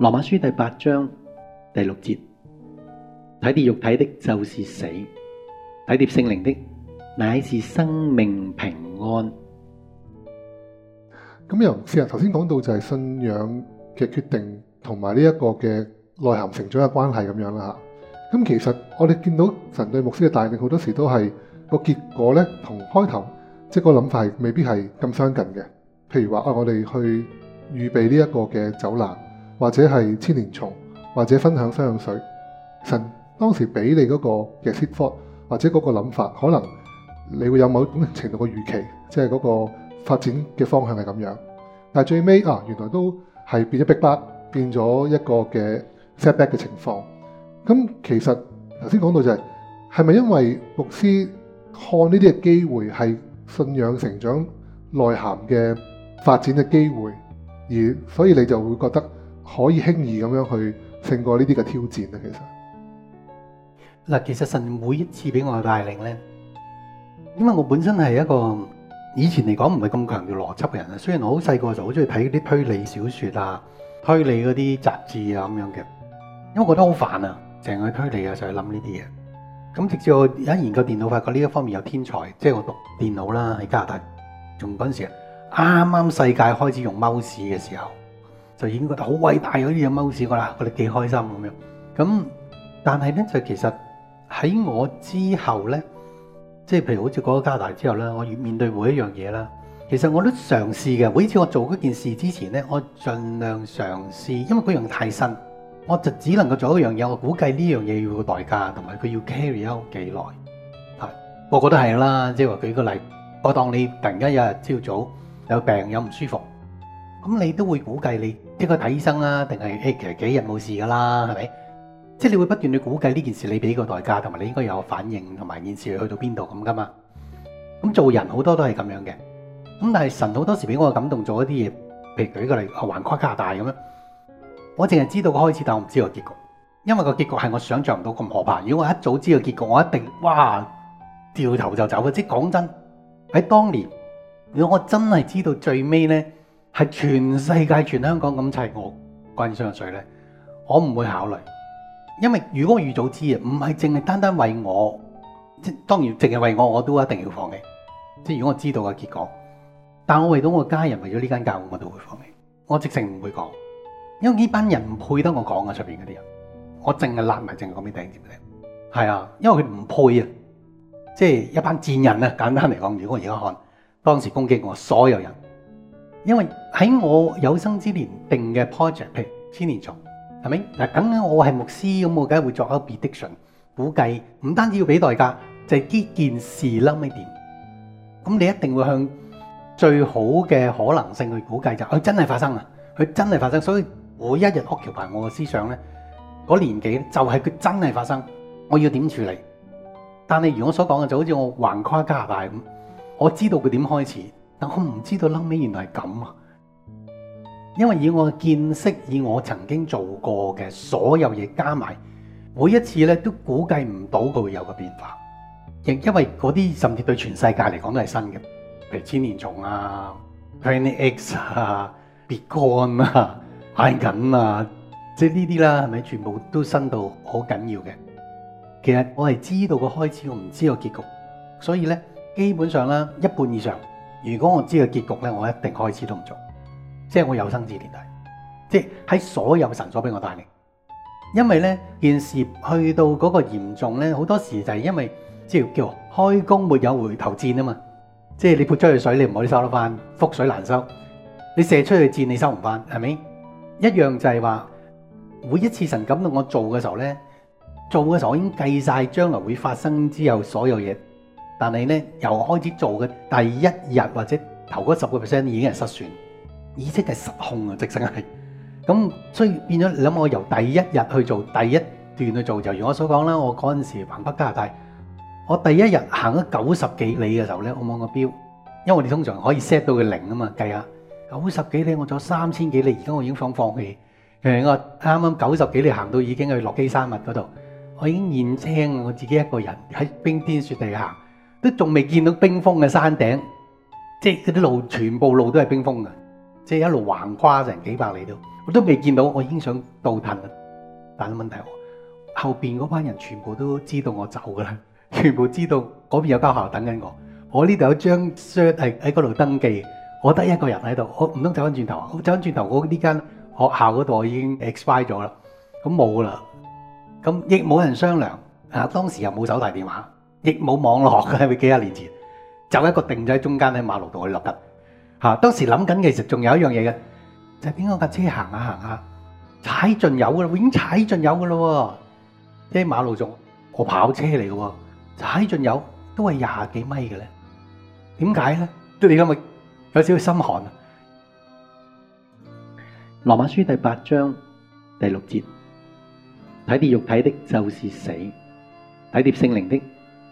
羅馬書第八章第六節：體貼肉體的就是死，體貼聖靈的乃是生命平安。咁由是啊，頭先講到就係信仰嘅決定同埋呢一個嘅內涵成長嘅關係咁樣啦吓。咁其實我哋見到神對牧師嘅帶領，好多時都係個結果咧，同開頭即係個諗法未必係咁相近嘅。譬如話啊，我哋去預備呢一個嘅走難。或者係千年蟲，或者分享洗滌水。神當時俾你嗰個 request 或者嗰個諗法，可能你會有某種程度嘅預期，即係嗰個發展嘅方向係咁樣。但係最尾啊，原來都係變咗逼迫，變咗一個嘅 setback 嘅情況。咁其實頭先講到就係係咪因為牧師看呢啲嘅機會係信仰成長內涵嘅發展嘅機會，而所以你就會覺得可以輕易咁樣去勝過呢啲嘅挑戰咧，其實嗱，其實神每一次俾我帶領咧，因為我本身係一個以前嚟講唔係咁強調邏輯嘅人啊。雖然我好細個就好中意睇啲推理小説啊、推理嗰啲雜誌啊咁樣嘅，因為我覺得好煩啊，成日推理啊，成日諗呢啲嘢。咁直至我而家研究電腦法，發覺呢一方面有天才，即係我讀電腦啦，喺加拿大，仲嗰陣時啱啱世界開始用 m 屎嘅時候。就已經覺得好偉大嗰啲嘢踎住我啦，我哋幾開心咁樣。咁但係咧，就其實喺我之後咧，即係譬如好似過咗加拿大之後咧，我要面對每一樣嘢啦，其實我都嘗試嘅。每次我做嗰件事之前咧，我盡量嘗試，因為嗰樣太新，我就只能夠做一樣嘢。我估計呢樣嘢要個代價同埋佢要 carry out 幾耐，係，我覺得係啦。即係話舉個例，我當你突然間有日朝早有病有唔舒服。咁你都會估計你應該睇醫生啦，定係誒其實幾日冇事噶啦，係咪？即係你會不斷去估計呢件事你俾個代價，同埋你應該有反應，同埋件事去到邊度咁噶嘛？咁做人好多都係咁樣嘅。咁但係神好多時俾我嘅感動做一啲嘢，譬如舉個例，橫跨加拿大咁樣，我淨係知道個開始，但我唔知道個結局，因為個結局係我想像唔到咁可怕。如果我一早知道個結局，我一定哇掉頭就走嘅。即係講真，喺當年如果我真係知道最尾呢。係全世界、全香港咁砌我關於雙藥水咧，我唔會考慮，因為如果我預早知啊，唔係淨係單單為我，即當然淨係為我，我都一定要放棄。即如果我知道嘅結果，但我為到我家人、為咗呢間教會，我都會放棄。我直情唔會講，因為呢班人唔配得我講啊。出邊嗰啲人，我淨係立埋，淨係講俾第二你。嘅係啊，因為佢唔配啊，即係一班賤人啊。簡單嚟講，如果我而家看當時攻擊我所有人。因為喺我有生之年定嘅 project，譬如千年蟲，係咪？嗱，咁啊，我係牧師咁，我梗係會作一個 prediction，估計唔單止要俾代價，就呢、是、件事啦，咪點？咁你一定會向最好嘅可能性去估計就是，佢真係發生啊！佢真係發生，所以每我一日 occupy 我嘅思想咧，嗰年紀咧就係佢真係發生，我要點處理？但係如我所講嘅，就好似我橫跨加拿大咁，我知道佢點開始。但我唔知道，後尾原來係咁啊！因為以我嘅見識，以我曾經做過嘅所有嘢加埋，每一次咧都估計唔到佢會有個變化。亦因為嗰啲甚至對全世界嚟講都係新嘅，譬如千年蟲啊、Plan X 啊、Bitcoin 啊、眼緊啊，即係呢啲啦，係咪全部都新到好緊要嘅？其實我係知道個開始，我唔知個結局，所以咧基本上啦，一半以上。如果我知個結局咧，我一定開始都唔做，即係我有生之年睇，即係喺所有神所俾我帶領。因為呢件事去到嗰個嚴重呢，好多時就係因為即係叫開弓沒有回頭箭啊嘛，即係你潑出去水你唔可以收得翻，覆水難收，你射出去箭你收唔翻，係咪？一樣就係話每一次神感動我做嘅時候呢，做嘅時候我已經計晒將來會發生之後所有嘢。但係咧，由開始做嘅第一日或者頭嗰十個 percent 已經係失算，意識係失控啊！即係咁所以變咗，你諗我由第一日去做第一段去做，就如我所講啦。我嗰陣時橫北加拿大，我第一日行咗九十幾里嘅時候咧，我望個表，因為我哋通常可以 set 到佢零啊嘛，計下九十幾里我咗三千幾里，而家我已經想放棄。譬如我啱啱九十幾里行到已經去落基山脈嗰度，我已經現青我自己一個人喺冰天雪地行，都仲未見到冰封嘅山頂，即係嗰啲路，全部路都係冰封嘅，即係一路橫跨成幾百里都，我都未見到，我已經想倒騰啦。但係問題我，後邊嗰班人全部都知道我走㗎啦，全部知道嗰邊有間學校等緊我。我呢度有張 shirt 係喺嗰度登記，我得一個人喺度，我唔通走翻轉頭？我走翻轉頭，我呢間學校嗰度我已經 expire 咗啦，咁冇啦，咁亦冇人商量。啊，當時又冇手提電話。亦冇網絡嘅，係咪幾十年前，就一個定咗喺中間喺馬路度去落得嚇。當時諗緊，其實仲有一樣嘢嘅，就係點解架車行下行下，踩盡油啦，已經踩盡油嘅啦喎。即係馬路仲個跑車嚟嘅喎，踩盡油都係廿幾米嘅咧。點解咧？都你今日有少少心寒啊！羅馬書第八章第六節，體貼肉體的就是死，體貼聖靈的。